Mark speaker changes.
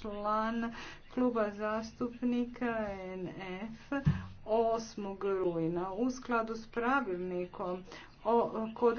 Speaker 1: član kluba zastupnika NF 8. rujna u skladu s pravilnikom o kod